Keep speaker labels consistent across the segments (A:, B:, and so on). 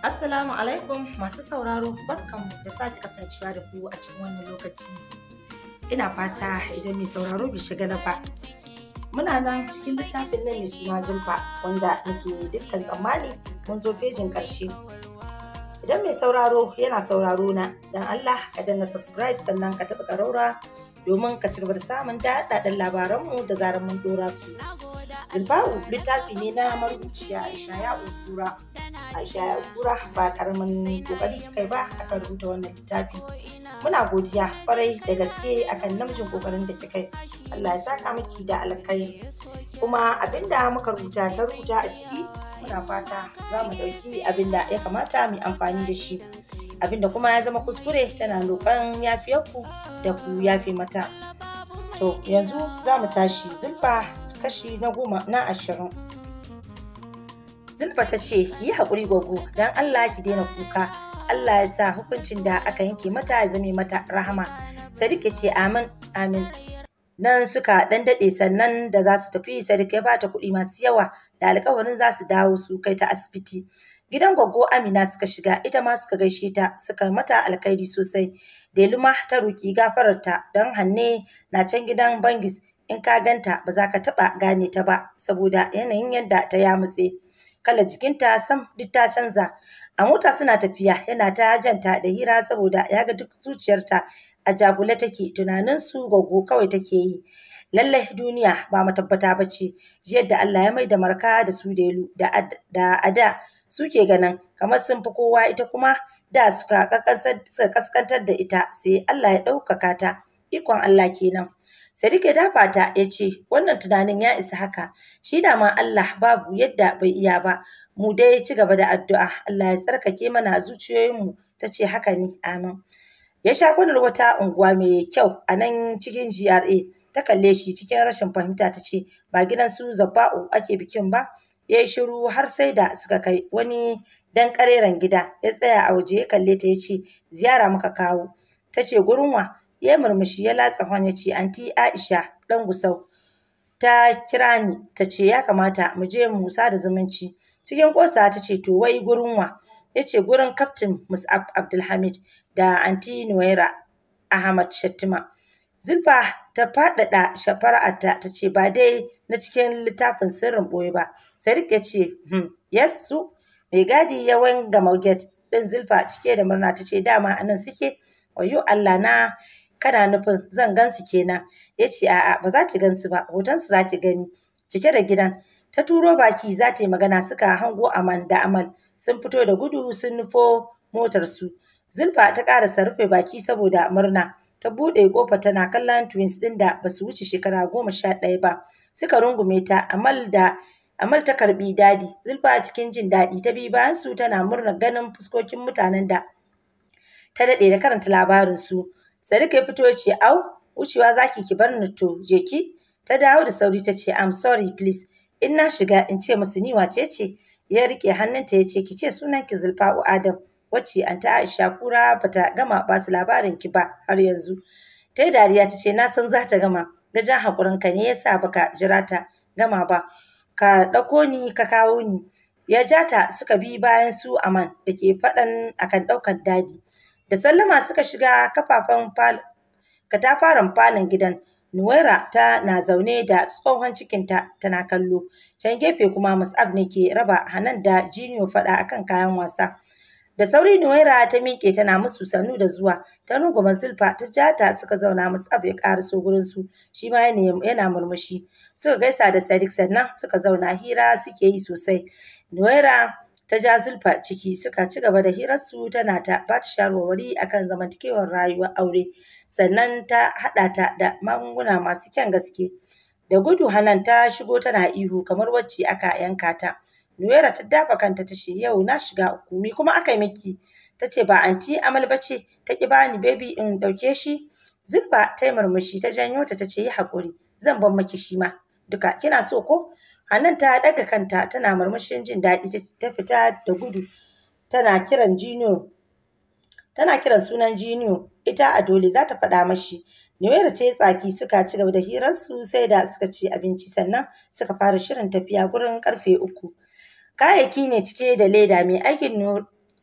A: Assalamu alaikum masu sauraro mu da sake kasancewa da ku a cikin wannan lokaci. Ina fata idan mai sauraro bai na ba. Muna nan cikin littafin nan mai suna zulfa wanda nake dukkan tsammani mun zo fejin ƙarshe. Idan mai sauraro yana sauraro na dan Allah ka danna subscribe sannan ka taɓa ƙaraura domin ka ci gaba da samun daɗaɗɗen labaranmu da zarar mun dora su. Zulfa littafi ne na marubuciya Aisha ya Kura. Aisha ya kura ba karamin kokari kai ba aka rubuta wannan littafi. Muna godiya kwarai da gaske akan namijin kokarin da kai. Allah ya saka miki da alkai. Kuma abinda muka rubuta ta rubuta a ciki muna fata za mu ɗauki abinda ya kamata mu amfani da shi. Abinda kuma ya zama kuskure tana roƙon yafiyarku da ku yafe mata. To yanzu za mu tashi zulfa kashi na goma na ashirin. Zulfa ta ce yi haƙuri gwaggo don Allah ki daina kuka. Allah ya sa hukuncin da aka yanke mata ya zame mata rahama. Sadiq ce amin amin. Nan suka dan daɗe sannan da za su tafi Sadiq ya bata kuɗi masu yawa da alkawarin za su dawo su kai ta asibiti. Gidan gwaggo Amina suka shiga ita ma suka gaishe ta suka mata alkhairi sosai. Deluma ta roki gafararta don Hanne na can gidan Bangis in ka ganta ba za ka taɓa gane ta ba saboda yanayin yadda ta yamutse. kalar jikinta sam duk ta canza a mota suna tafiya yana ta janta da hira saboda ya ga duk zuciyarta a jagule take tunanin su gogo kawai take yi lallai duniya ba tabbata ba ce yadda Allah ya mai da marka da su da ada suke ganin kamar sun fi kowa ita kuma da suka kaskantar da ita sai Allah ya ɗaukaka ta ikon Allah kenan. Sadiq ya dafa ya ce wannan tunanin ya isa haka shi da ma Allah babu yadda bai iya ba mu dai ci gaba da addu'a Allah ya tsarkake mana zuciyoyinmu ta ce haka ne amin. Ya sha kwanar wata unguwa mai kyau a nan cikin GRA ta kalle shi cikin rashin fahimta ta ce ba gidan su zabba'u ake bikin ba ya yi shiru har sai da suka kai wani dan kareren gida ya tsaya a waje ya kalle ta ya ce ziyara muka kawo ta ce gurin wa ya murmushi ya latsa hon ya ce anti Aisha dan gusau ta kira ni ta ce ya kamata mu je mu da zumunci cikin kosa ta ce to wai gurin wa ya ce gurin kaftin Mus'ab Abdulhamid da anti Nuwaira Ahmad Shattima Zulfa ta faɗaɗa shafar'arta ta ce ba dai na cikin littafin sirrin boye ba. Sadiq ya ce, hmm, yes su, mai gadi ya wanga mauget ɗin Zulfa cike da murna ta ce dama anan suke, wayo Allah na kana nufin zan gansu kenan ya ce a'a ba za ki gansu ba hotonsu za ki gani cike da gidan ta turo baki za ta yi magana suka hango aman da amal sun fito da gudu sun nufo motarsu zulfa ta ƙara rufe baki saboda murna ta buɗe kofa tana kallon twins ɗin da ba su wuce shekara goma sha ɗaya ba suka rungume ta amal da amal ta karbi dadi zulfa cikin jin daɗi ta bi bayan su tana murna ganin fuskokin mutanen da ta daɗe da karanta labarin su Sadiq ya fito ya ce au wucewa zaki ki bar ni to je ki ta dawo da sauri ta ce I'm sorry please in na shiga in ce musu ni wace ce ya rike hannunta ya ce ki ce sunan ki Zulfa'u Adam wacce ta Aisha kura bata gama ba su labarin ki ba har yanzu ta dariya ta ce na san za ta gama gajen hakurin ka ne yasa baka jira ta gama ba ka ɗauko ni ka kawo ni ya ja ta suka bi bayan su aman da ke faɗan akan ɗaukar dadi Da sallama suka shiga kafafen katafaren falon gidan. Nuwaira ta na zaune da tsohon cikinta tana kallo. Can gefe kuma Mus'ab ne ke raba Hanan da Jiniyo faɗa akan kayan wasa. Da sauri Nuwaira ta miƙe tana musu sannu da zuwa, ta rungumar Zulfa ta jata suka zauna Mus'ab ya ƙaraso gurin su, shi ma yana murmushi. Suka gaisa da Sadiq sannan suka zauna hira suke yi sosai. Nuwaira ta ja Zulfa ciki suka ci gaba da hirarsu tana ta ba ta shawarwari akan zamantakewar rayuwar aure sannan ta haɗa ta da magunguna masu kyan gaske. Da gudu Hanan ta shigo tana ihu kamar wacce aka yanka ta. Nuwera ta dafa kanta ta ce yau na shiga hukumi kuma aka yi miki. Ta ce ba anti amal ba ce ta ki bani baby in ɗauke shi. Zulfa ta yi murmushi ta janyo ta tace ce yi haƙuri zan bar maki shi ma. Duka kina so ko? Anan ta ɗaga kanta tana murmushin jin daɗi ta fita da gudu tana kiran Junior tana kiran sunan Junior ita a dole za ta faɗa mashi ta ce tsaki suka ci gaba da hirar su sai da suka ci abinci sannan suka fara shirin tafiya gurin karfe uku. Kayayyaki ne cike da leda mai aikin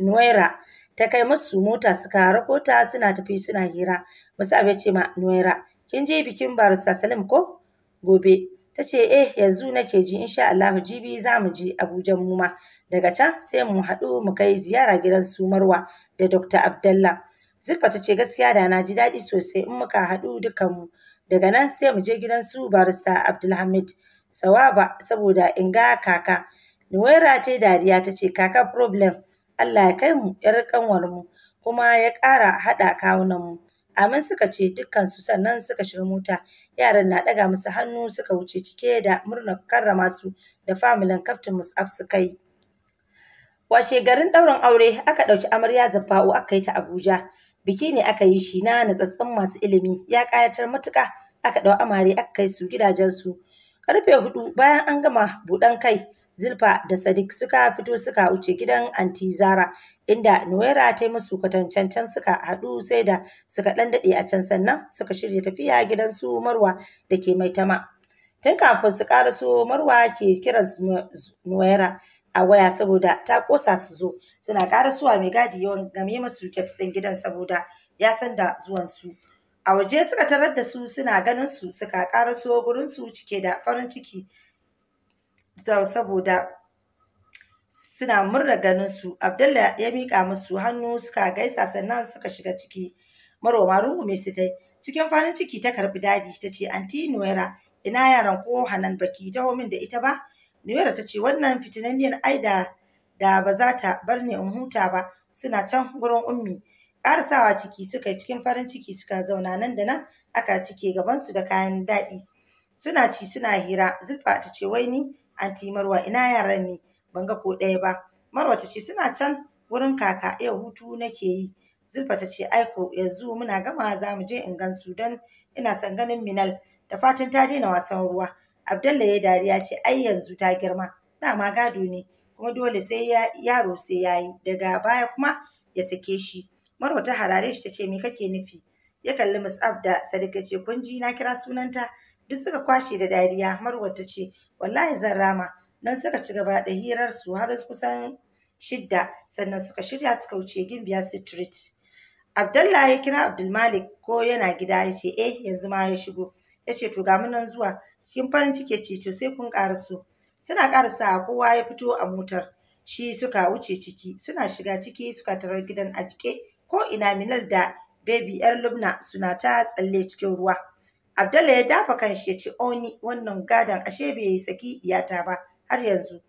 A: nuwaira ta kai musu mota suka rako ta suna tafi suna hira. Musa ya ce ma Nuwaira kin je bikin barista Salim ko? Gobe ta ce eh yanzu nake ji insha Allahu jibi za mu je Abuja mu ma daga can sai mu haɗu mu kai ziyara gidan su Marwa da Dr. Abdalla Zulfa ta ce gaskiya da na ji daɗi sosai in muka haɗu dukanmu daga nan sai mu je gidan su barista Abdulhamid Sawaba saboda in ga kaka Nuwaira ce dariya ta ce kaka problem Allah ya kai mu 'yar kanwar mu kuma ya ƙara haɗa kawunan mu Amin suka ce dukkansu sannan suka shiga mota. Yaran na ɗaga musu hannu suka wuce cike da murnar karrama su da familin kaftin Mus'ab su kai. Washe garin ɗaurin aure aka ɗauki amarya zabba'u aka yi ta Abuja. Biki ne aka yi shi na natsatsun masu ilimi ya ƙayatar matuƙa aka ɗau amare aka kai su gidajensu. Karfe hudu bayan an gama buɗan kai Zilfa da Sadiq suka fito suka wuce gidan Anti Zara inda Nuwera ta yi musu kwatancen can suka haɗu sai da suka ɗan daɗe a can sannan suka shirya tafiya gidan su Marwa da ke mai tama Tun kafin su ƙara su Marwa ke kiran Nuwera a waya saboda ta ƙosa su zo suna ƙara suwa mai gadi yawan game musu ket ɗin gidan saboda ya san da zuwan su. a waje suka tarar da su suna ganin su suka su gurin su cike da farin ciki saboda suna murna ganin su Abdullah ya mika musu hannu suka gaisa sannan suka shiga ciki maroma rungume su tai cikin farin ciki ta karbi dadi ta ce anti nuera ina yaran ko Hanan baki taho min da ita ba nuera ta ce wannan fitinanniyar yin aida da ba za ta bar ni in huta ba suna can gurin ummi karasawa ciki suka cikin farin ciki suka zauna nan da nan aka cike gaban su da kayan dadi. suna ci suna hira zuffa ta ce wai ni anti Marwa ina yaran ne ban ga ko ɗaya ba Marwa ta ce suna can wurin kaka yau hutu nake yi Zulfa ta ce aiko yanzu muna gama za mu je in gansu su don ina son ganin Minal da fatan ta daina wasan ruwa Abdalla ya dariya ce ai yanzu ta girma dama gado ne kuma dole sai yaro sai yayi daga baya kuma ya sake shi Marwa ta harare shi ta ce me kake nufi ya kalli Mus'ab da Sadiq ce kun ji na kira sunanta duk suka kwashe da dariya Marwa ta ce wallahi zan rama nan suka ci gaba da hirar su har kusan shidda sannan suka shirya suka wuce gimbiya street abdullah ya kira abdulmalik ko yana gida ya ce eh yanzu ma ya shigo ya ce to ga mu nan zuwa cikin farin ciki ce to sai kun su, suna ƙara sa kowa ya fito a motar shi suka wuce ciki suna shiga ciki suka tarar gidan a jike ko ina minal da bebi yar lubna suna ta tsalle cikin ruwa Abdalla ya dafa kanshi ya ce oni oh, wannan gadon ashe bai yi saki iyata ba har yanzu.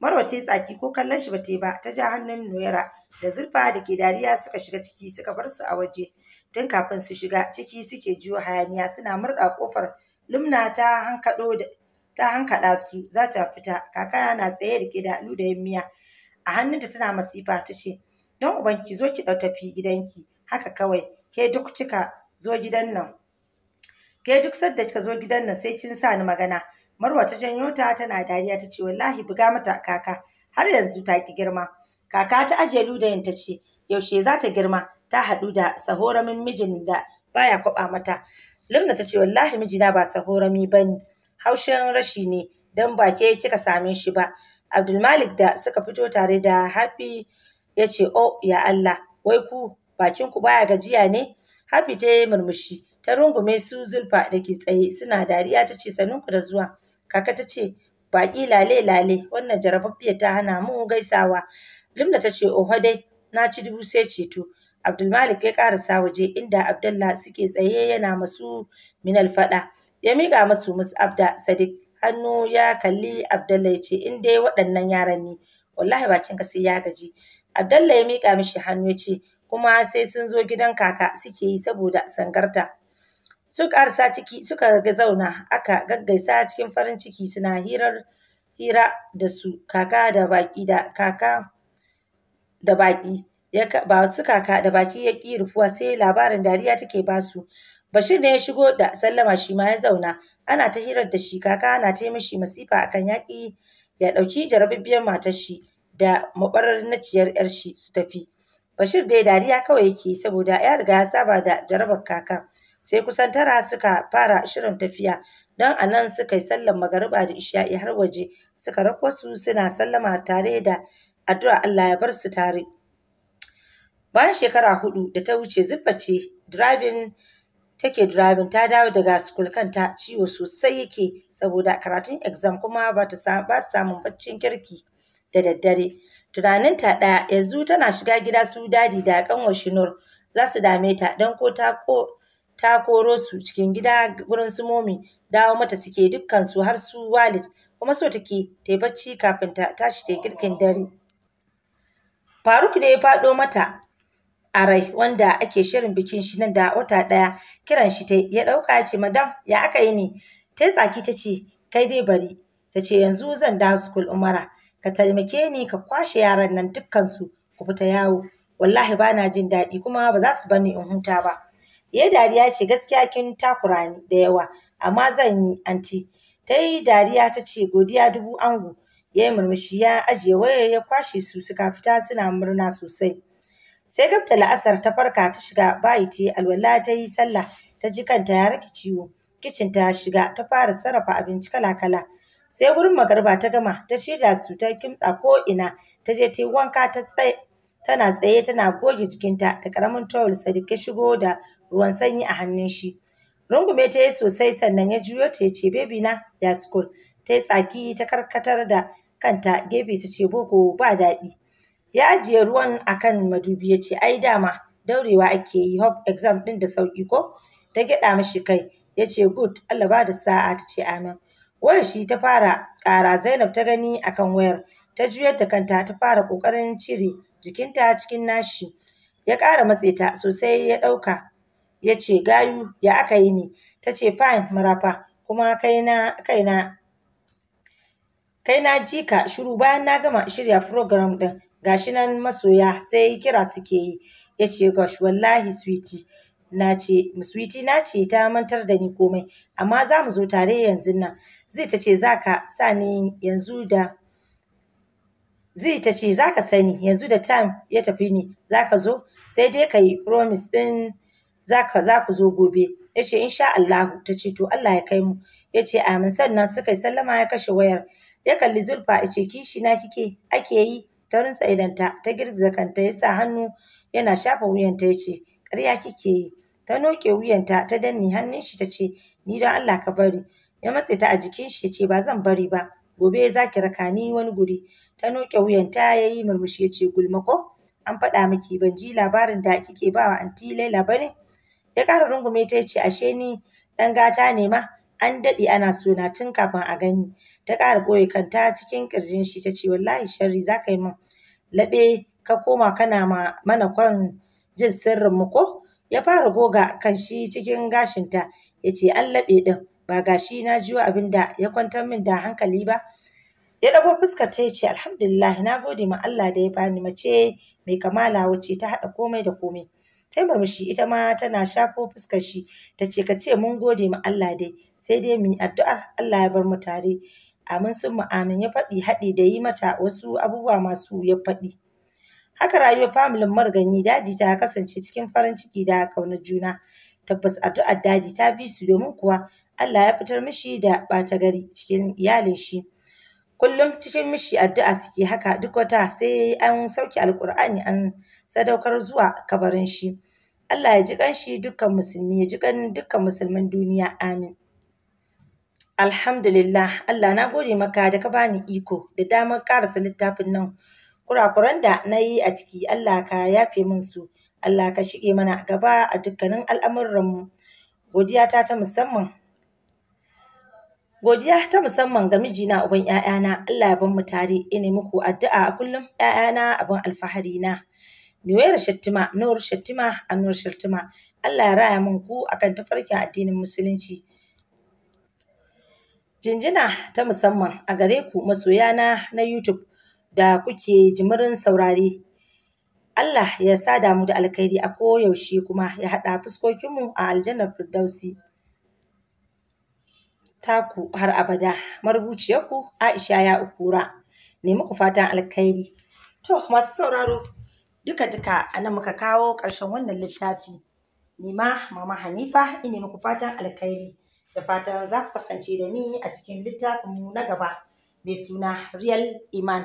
A: Marwa ce tsaki ko kallon shi bata yi ba ta ja hannun Noyara da zurfa da ke dariya suka shiga ciki suka bar su a waje tun kafin su shiga ciki suke jiyo hayaniya suna murɗa kofar Lumna ta hankado da ta hankada su za ta fita Kaka na tsaye da ke da ludayin miya a hannunta tana masifa ta ce don ubanki zo ki ɗau tafi gidanki haka kawai ke duk kika zo gidan nan ke duk sadda kika zo gidan nan sai kin sa ni magana Marwa ta janyo ta tana dariya ta ce wallahi buga mata kaka har yanzu ta ki girma kaka ta ajiye ludayin ta ce yaushe za ta girma ta haɗu da sahoramin mijin da baya kwaba mata Limna ta ce wallahi mijina ba sahorami bane haushin rashi ne dan ba ke kika same shi ba Abdulmalik da suka fito tare da hafi ya ce oh ya Allah wai ku bakin ku baya gajiya ne Habi ta yi murmushi ta rungume su Zulfa da ke tsaye suna dariya ta ce sanunku da zuwa. Kaka ta ce baƙi lale lale wannan jarabaffiya ta hana mu gaisawa. Limda ta ce oho dai na ci dubu sai ceto. Abdulmalik ya karasa waje inda Abdullah suke tsaye yana masu minal faɗa. Ya miƙa masu Mus'abda Sadiq hannu ya kalli Abdullah ya ce in dai waɗannan yaran ne wallahi bakin ka sai ya gaji. Abdullah ya miƙa mishi hannu ya ce kuma sai sun zo gidan kaka suke yi saboda sangarta. suka arsa ciki suka zauna aka gaggaisa cikin farin ciki suna hirar hira da su kaka da baki da kaka da baki ya ba su kaka da baki ya ki rufuwa sai labarin dariya take ba su Bashir ne ya shigo da sallama shi ma ya zauna ana ta hirar da shi kaka ana ta mishi masifa akan yaƙi ya ɗauki jarabibbiyar matar shi da mabarar naciyar yar shi su tafi Bashir dai dariya kawai yake saboda ya riga ya saba da jarabar kaka sai kusan tara suka fara shirin tafiya don a nan suka yi sallar magariba da isha'i har waje suka rako su suna sallama tare da addu'a Allah ya bar su tare. Bayan shekara hudu da ta wuce zubace ce driving take driving ta dawo daga school kanta ciwo sosai yake saboda karatun exam kuma ba ta samun baccin kirki da daddare. Tunanin ta ɗaya yanzu tana shiga gida su dadi da kanwar Shinur za su dame ta don ko ta ko ta koro su cikin gida wurin su momi dawo mata suke dukkan su har su walid kuma so take ta bacci kafin ta tashi ta girkin dare faruk da ya faɗo mata a rai wanda ake shirin bikin shi nan da wata ɗaya kiran shi ta ya ɗauka ya ce madam ya aka yi ne ta tsaki ta ce kai dai bari ta ce yanzu zan dawo school umara ka taimake ni ka kwashe yaran nan dukkansu ku fita yawo wallahi bana jin daɗi kuma ba za su bani in huta ba Ya dariya ce gaskiya kin takura ni da yawa amma zan yi anti. Ta yi dariya ta ce godiya dubu ango. Ya yi murmushi ya ajiye waya ya kwashe su suka fita suna murna sosai. Sai gabta la'asar ta farka ta shiga bayi ta yi alwala ta yi sallah ta ji kanta ya rage ciwo. Kicin ta shiga ta fara sarrafa abinci kala-kala. Sai gurin magarba ta gama ta shirya su ta kimtsa ko ina ta je ta yi wanka ta tsaye tana tsaye tana goge jikinta da karamin towel Sadiq shigo da ruwan sanyi a hannun shi. Rungume ta yi sosai sannan ya juyo ta ce bebi na ya school. Ta yi tsaki ta karkatar da kanta gefe ta ce boko ba daɗi. Ya ajiye ruwan akan madubi ya ce ai dama daurewa ake yi hop exam ɗin da sauƙi ko? Ta gyaɗa mashi kai ya ce good Allah ba da sa'a ta ce amin. Wayar shi ta fara ƙara Zainab ta gani akan wayar ta juyar da kanta ta fara ƙoƙarin cire jikinta cikin nashi ya ƙara matse ta sosai ya ɗauka ya ce gayu ya aka yi ni ta ce fine marafa kuma kaina kai na ji ka shiru bayan na gama shirya program din gashi nan masoya sai kira suke yi ya ce gosh wallahi switi na ce na ce ta mantar da ni komai amma za mu zo tare yanzu nan zai ta ce za ka sa ni yanzu da zai ta ce za ka sani yanzu da time ya tafi ne za ka zo sai dai ka yi promise ɗin za ku zo gobe. Ya ce insha Allahu ta ce to Allah ya kai mu. Ya ce amin sannan suka yi sallama ya kashe wayar. Ya kalli Zulfa ya ce kishi na kike ake yi ta rinsa idanta ta girgiza kanta ya sa hannu yana shafa wuyanta ya ce ƙarya kike yi. Ta noke wuyanta ta danne hannun shi ta ce ni don Allah ka bari. Ya matse ta a jikin shi ya ce ba zan bari ba. Gobe za ki raka ni wani guri. Ta noƙe wuyanta ya yi murmushi ya ce gulma ko? An faɗa miki ban ji labarin da kike ba wa anti Laila ba ne? Ya ƙara rungume ta ya ce ashe ni ɗan gata ne ma. An daɗe ana sona tun kafin a gani. Ta ƙara ɓoye kanta cikin ƙirjin shi ta ce wallahi sharri za ka yi min. Laɓe ka koma kana ma mana kwan jin sirrinmu ko? Ya fara goga kan shi cikin gashinta ya ce an laɓe ɗin. ba gashi na jiwo abin da ya kwantar min da hankali ba ya ɗago fuska ta ce alhamdulillah na gode ma Allah da ya bani mace mai kamala wacce ta haɗa komai da komai ta murmushi ita ma tana shafo fuskar shi ta ce ka ce mun gode ma Allah dai sai dai mu yi addu'a Allah ya bar mu tare amin sun mu amin ya faɗi haɗi da yi mata wasu abubuwa masu ya faɗi haka rayuwar familin margani daji ta kasance cikin farin ciki da ƙaunar juna tabbas addu'ar daji ta bi su domin kuwa Allah ya fitar mishi da ɓata gari cikin iyalin shi. Kullum cikin mishi addu'a suke haka duk wata sai an sauke alƙur'ani an sadaukar zuwa kabarin shi. Allah ya ji kanshi dukkan musulmi ya ji kan dukkan musulmin duniya amin. Alhamdulillah Allah na gode maka da ka bani iko da damar karasa littafin nan kurakuran da na yi a ciki Allah ka yafe min su. Allah ka shige mana gaba a dukkanin al'amuranmu godiya ta musamman godiya ta musamman ga mijina uban ‘ya'yana Allah ya ban mu tare ina muku addu'a a kullum ‘ya'yana abin alfahari na Nuwayar Shattima, Nur Shattima, Shattima, Allah ya raya min ku akan tafarkin addinin Musulunci. Jinjina ta musamman a gare ku masoyana na YouTube da kuke jimirin saurare. Allah ya sa damu da alkhairi a koyaushe kuma ya haɗa fuskokinmu a aljannar firdausi. Taku har abada marubuciyarku Aisha ya ukura ne muku fatan alkhairi. To masu sauraro duka-duka a nan muka kawo ƙarshen wannan littafi. Nima Mama Hanifa ina muku fatan alkhairi da fatan za ku kasance da ni a cikin littafinmu na gaba mai suna Real Iman.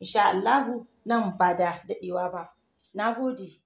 A: Insha Allahu nan ba da daɗewa ba. na gode